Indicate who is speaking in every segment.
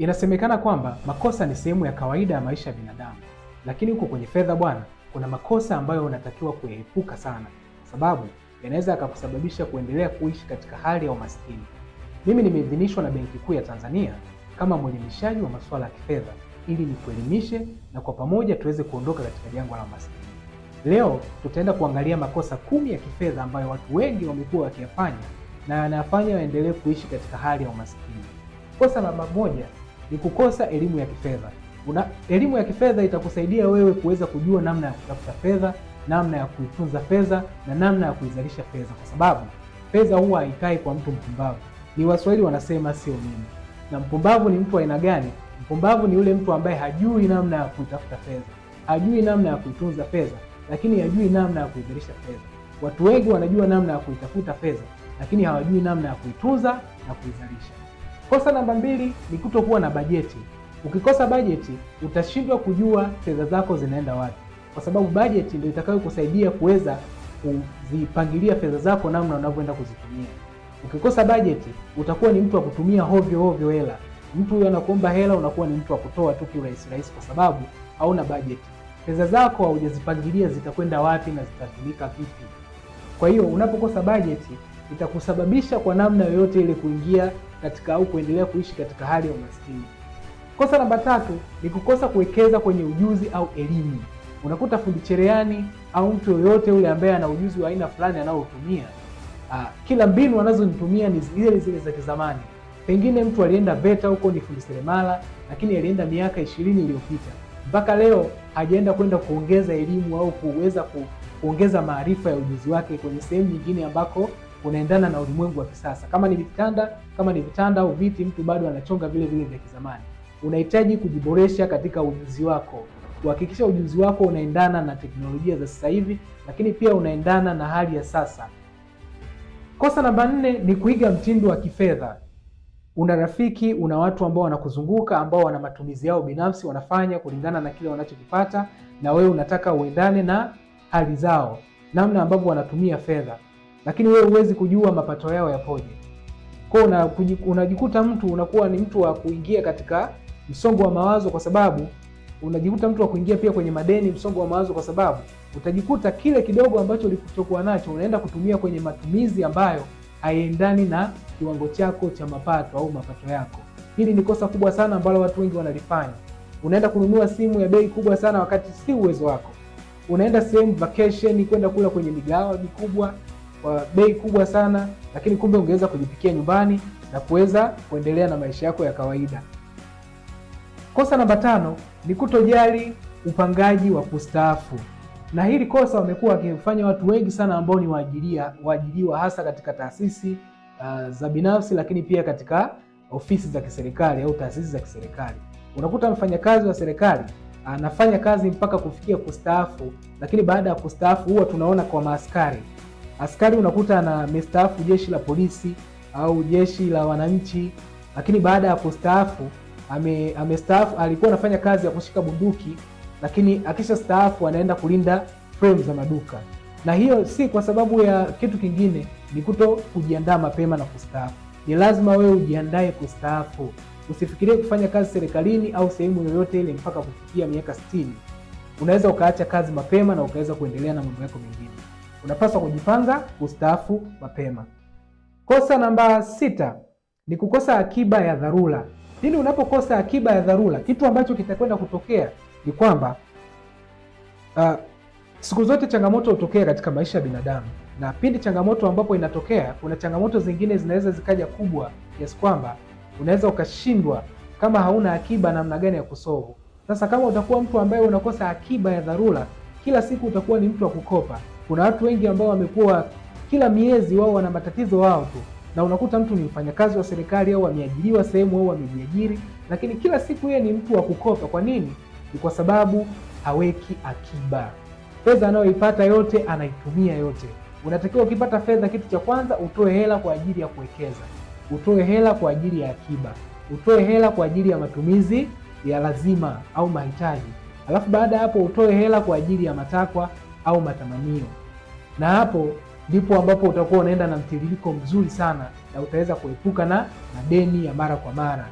Speaker 1: Inasemekana kwamba makosa ni sehemu ya kawaida ya maisha ya binadamu, lakini huko kwenye fedha bwana, kuna makosa ambayo unatakiwa kuyaepuka sana, kwa sababu yanaweza yakakusababisha kuendelea kuishi katika hali ya umaskini. Mimi nimeidhinishwa na Benki Kuu ya Tanzania kama mwelimishaji wa masuala ya kifedha ili nikuelimishe na kwa pamoja tuweze kuondoka katika jangwa la umaskini. Leo tutaenda kuangalia makosa kumi ya kifedha ambayo watu wengi wamekuwa wakiyafanya na yanayafanya waendelee kuishi katika hali ya umaskini. Kosa namba moja ni kukosa elimu ya kifedha. Una elimu ya kifedha itakusaidia wewe kuweza kujua namna ya kutafuta fedha, namna ya kuitunza fedha na namna ya kuizalisha fedha, kwa sababu fedha huwa haikai kwa mtu mpumbavu. Ni Waswahili wanasema sio mimi. Na mpumbavu ni mtu aina gani? Mpumbavu ni yule mtu ambaye hajui namna ya kuitafuta fedha, hajui namna ya kuitunza fedha, lakini hajui namna ya kuizalisha fedha. Watu wengi wanajua namna ya kuitafuta fedha, lakini hawajui namna ya kuitunza na kuizalisha. Kosa namba mbili ni kutokuwa na bajeti. Ukikosa bajeti, utashindwa kujua fedha zako zinaenda wapi, kwa sababu bajeti ndio itakayokusaidia kuweza kuzipangilia fedha zako namna unavyoenda kuzitumia. Ukikosa bajeti, utakuwa ni mtu wa kutumia hovyo hovyo hela. Mtu huyo anakuomba hela, unakuwa ni mtu wa kutoa tu kirahisi rahisi, kwa sababu hauna bajeti. Fedha zako haujazipangilia zitakwenda wapi na zitatumika vipi. Kwa hiyo unapokosa bajeti, itakusababisha kwa namna yoyote ile kuingia katika au kuendelea kuishi katika hali ya umaskini. Kosa namba tatu ni kukosa kuwekeza kwenye ujuzi au elimu. Unakuta fundi cherehani au mtu yoyote yule ambaye ana ujuzi wa aina fulani anaotumia, ah, kila mbinu anazonitumia ni zile zile za kizamani. Pengine mtu alienda VETA huko ni fundi seremala, lakini alienda miaka ishirini iliyopita mpaka leo hajaenda kwenda kuongeza elimu au kuweza kuongeza maarifa ya ujuzi wake kwenye sehemu nyingine ambako unaendana na ulimwengu wa kisasa. Kama ni vitanda, kama ni vitanda au viti, mtu bado anachonga vile vile vya kizamani. Unahitaji kujiboresha katika ujuzi wako, kuhakikisha ujuzi wako unaendana na teknolojia za sasa hivi, lakini pia unaendana na hali ya sasa. Kosa namba nne ni kuiga mtindo wa kifedha. Una rafiki, una watu ambao wanakuzunguka ambao wana matumizi yao binafsi, wanafanya kulingana na kile wanachokipata, na wewe unataka uendane na hali zao, namna ambavyo wanatumia fedha lakini wewe huwezi kujua mapato yao yapoje. Kwa hiyo unajikuta mtu unakuwa ni mtu wa kuingia katika msongo wa mawazo, kwa sababu unajikuta mtu wa kuingia pia kwenye madeni, msongo wa mawazo, kwa sababu utajikuta kile kidogo ambacho ulichokuwa nacho unaenda kutumia kwenye matumizi ambayo haiendani na kiwango chako cha mapato au mapato yako. Hili ni kosa kubwa sana ambalo watu wengi wanalifanya. Unaenda kununua simu ya bei kubwa sana wakati si uwezo wako. Unaenda sehemu vacation, kwenda kula kwenye migahawa mikubwa, kwa bei kubwa sana, lakini kumbe ungeweza kujipikia nyumbani na kuweza kuendelea na maisha yako ya kawaida. Kosa namba tano ni kutojali upangaji wa kustaafu, na hili kosa wamekuwa wakifanya watu wengi sana ambao ni waajiria waajiriwa, hasa katika taasisi uh, za binafsi, lakini pia katika ofisi za kiserikali au taasisi za kiserikali. Unakuta mfanyakazi wa serikali ah, anafanya kazi mpaka kufikia kustaafu, lakini baada ya kustaafu huwa tunaona kwa maaskari Askari unakuta na amestaafu jeshi la polisi au jeshi la wananchi, lakini baada ya kustaafu ame, amestaafu alikuwa anafanya kazi ya kushika bunduki, lakini akisha staafu anaenda kulinda frame za maduka, na hiyo si kwa sababu ya kitu kingine, ni kuto kujiandaa mapema na kustaafu. Ni lazima wewe ujiandae kustaafu, usifikirie kufanya kazi serikalini au sehemu yoyote ile mpaka kufikia miaka 60. Unaweza ukaacha kazi mapema na ukaweza kuendelea na mambo yako mengine unapaswa kujipanga kustaafu mapema. Kosa namba sita ni kukosa akiba ya dharura. Lini unapokosa akiba ya dharura, kitu ambacho kitakwenda kutokea ni kwamba uh, siku zote changamoto hutokea katika maisha ya binadamu, na pindi changamoto ambapo inatokea, kuna changamoto zingine zinaweza zikaja kubwa kiasi kwamba unaweza ukashindwa kama hauna akiba namna gani ya kusovu. Sasa kama utakuwa mtu ambaye unakosa akiba ya dharura, kila siku utakuwa ni mtu wa kukopa. Kuna watu wengi ambao wamekuwa kila miezi wao wana matatizo wao tu, na unakuta mtu ni mfanyakazi wa serikali au ameajiriwa sehemu au amejiajiri, lakini kila siku yeye ni mtu wa kukopa. Kwa nini? Ni kwa sababu haweki akiba. Fedha anayoipata yote anaitumia yote. Unatakiwa ukipata fedha, kitu cha kwanza utoe hela kwa ajili ya kuwekeza, utoe hela kwa ajili ya akiba, utoe hela kwa ajili ya matumizi ya lazima au mahitaji, alafu baada ya hapo utoe hela kwa ajili ya matakwa au matamanio na hapo ndipo ambapo utakuwa unaenda na mtiririko mzuri sana na utaweza kuepuka na madeni ya mara kwa mara.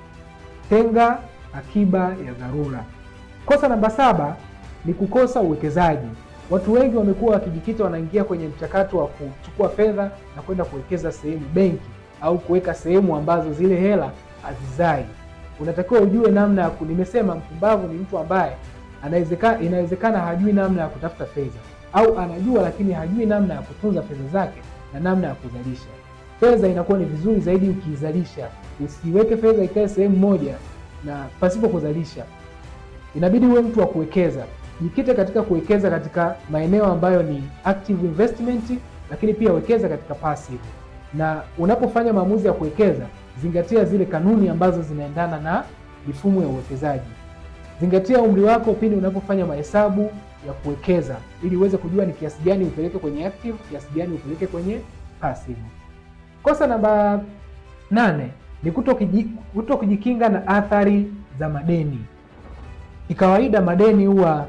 Speaker 1: Tenga akiba ya dharura. Kosa namba saba ni kukosa uwekezaji. Watu wengi wamekuwa wakijikita, wanaingia kwenye mchakato wa kuchukua fedha na kwenda kuwekeza sehemu benki au kuweka sehemu ambazo zile hela hazizai. Unatakiwa ujue namna ya, nimesema mpumbavu ni mtu ambaye inawezekana hajui namna ya kutafuta fedha au anajua lakini hajui namna ya kutunza fedha zake na namna ya kuzalisha fedha. Inakuwa ni vizuri zaidi ukizalisha, usiweke fedha ikae sehemu moja na pasipo kuzalisha. Inabidi uwe mtu wa kuwekeza, jikite katika kuwekeza katika maeneo ambayo ni active investment, lakini pia wekeza katika passive. Na unapofanya maamuzi ya kuwekeza, zingatia zile kanuni ambazo zinaendana na mifumo ya uwekezaji. Zingatia umri wako pindi unapofanya mahesabu ya kuwekeza ili uweze kujua ni kiasi gani upeleke kwenye active, kiasi gani upeleke kwenye passive. Kosa namba nane ni kuto kujikinga na athari za madeni. Ni kawaida madeni huwa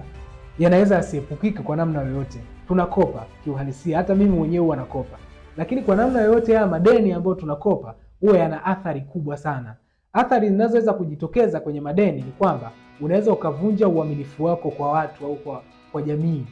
Speaker 1: yanaweza yasiepukike kwa namna yoyote. Tunakopa kiuhalisia, hata mimi mwenyewe huwa nakopa, lakini kwa namna yoyote haya madeni ambayo tunakopa huwa yana athari kubwa sana. Athari zinazoweza kujitokeza kwenye madeni ni kwamba unaweza ukavunja uaminifu wako kwa watu au kwa kwa jamii.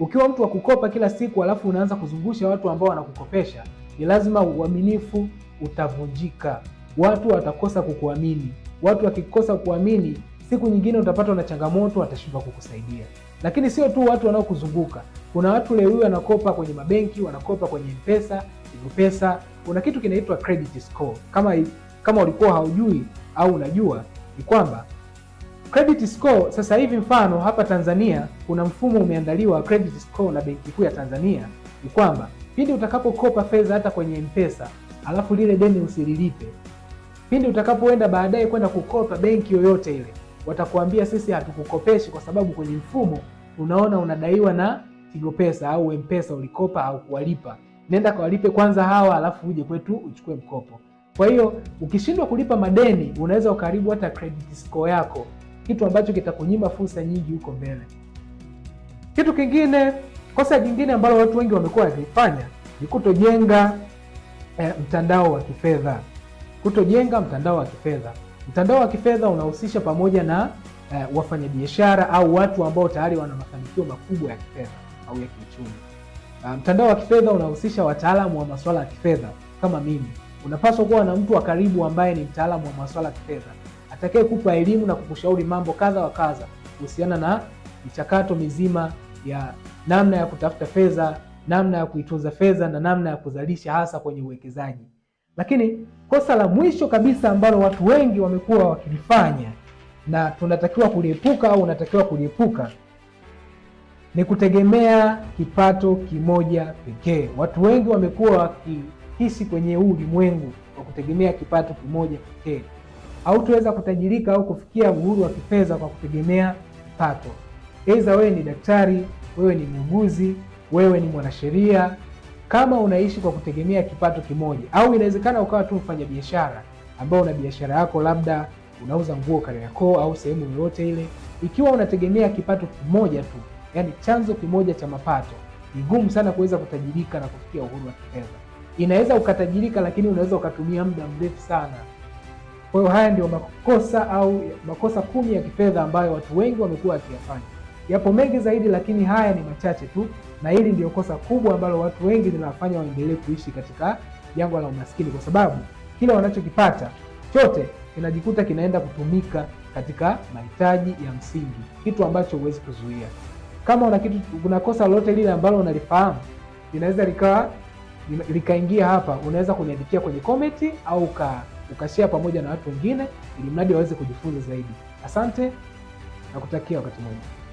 Speaker 1: Ukiwa mtu wa kukopa kila siku alafu unaanza kuzungusha watu ambao wanakukopesha, ni lazima uaminifu utavunjika, watu watakosa kukuamini. Watu wakikosa kuamini, siku nyingine utapatwa na changamoto, watashindwa kukusaidia. Lakini sio tu watu wanaokuzunguka, kuna watu leo hii wanakopa kwenye mabenki, wanakopa kwenye mpesa pesa Kuna kitu kinaitwa credit score. Kama kama ulikuwa haujui au unajua, ni kwamba Credit score sasa hivi, mfano hapa Tanzania kuna mfumo umeandaliwa credit score na Benki Kuu ya Tanzania, ni kwamba pindi utakapokopa fedha hata kwenye Mpesa alafu lile deni usililipe, pindi utakapoenda baadaye kwenda kukopa benki yoyote ile, watakuambia sisi hatukukopeshi kwa sababu kwenye mfumo unaona unadaiwa na Tigo Pesa au Mpesa, ulikopa au kuwalipa, nenda kawalipe kwanza hawa, alafu uje kwetu uchukue mkopo. Kwa hiyo ukishindwa kulipa madeni unaweza ukaharibu hata credit score yako kitu ambacho kitakunyima fursa nyingi huko mbele. Kitu kingine, kosa jingine ambalo watu wengi wamekuwa wakifanya ni kutojenga eh, mtandao wa kifedha, kutojenga mtandao wa kifedha. Mtandao wa kifedha unahusisha pamoja na eh, wafanyabiashara au watu ambao tayari wana mafanikio makubwa ya kifedha au ya kiuchumi. Uh, mtandao wa kifedha unahusisha wataalamu wa masuala ya kifedha kama mimi. Unapaswa kuwa na mtu wa karibu ambaye ni mtaalamu wa masuala ya kifedha atakaye kupa elimu na kukushauri mambo kadha wa kadha kuhusiana na michakato mizima ya namna ya kutafuta fedha, namna ya kuitunza fedha na namna ya kuzalisha hasa kwenye uwekezaji. Lakini kosa la mwisho kabisa ambalo watu wengi wamekuwa wakilifanya na tunatakiwa kuliepuka au unatakiwa kuliepuka ni kutegemea kipato kimoja pekee. Watu wengi wamekuwa wakihisi kwenye huu ulimwengu wa kutegemea kipato kimoja pekee hautaweza kutajirika au kufikia uhuru wa kifedha kwa kutegemea pato. Aidha, wewe ni daktari, wewe ni muuguzi, wewe ni mwanasheria, kama unaishi kwa kutegemea kipato kimoja, au inawezekana ukawa tu mfanya biashara ambao una biashara yako, labda unauza nguo Kariakoo au sehemu yoyote ile, ikiwa unategemea kipato kimoja tu, yani chanzo kimoja cha mapato, ni gumu sana kuweza kutajirika na kufikia uhuru wa kifedha. Inaweza ukatajirika, lakini unaweza ukatumia muda mrefu sana kwa hiyo haya ndio makosa au makosa kumi ya kifedha ambayo watu wengi wamekuwa wakiyafanya. Yapo mengi zaidi, lakini haya ni machache tu, na hili ndio kosa kubwa ambalo watu wengi linawafanya waendelee kuishi katika jangwa la umaskini, kwa sababu kile wanachokipata chote kinajikuta kinaenda kutumika katika mahitaji ya msingi, kitu ambacho huwezi kuzuia. Kama una kitu, kosa lolote lile ambalo unalifahamu linaweza likawa likaingia hapa, unaweza kuniandikia kwenye komenti au ka ukashare pamoja na watu wengine, ili mradi waweze kujifunza zaidi. Asante na kutakia wakati mwema.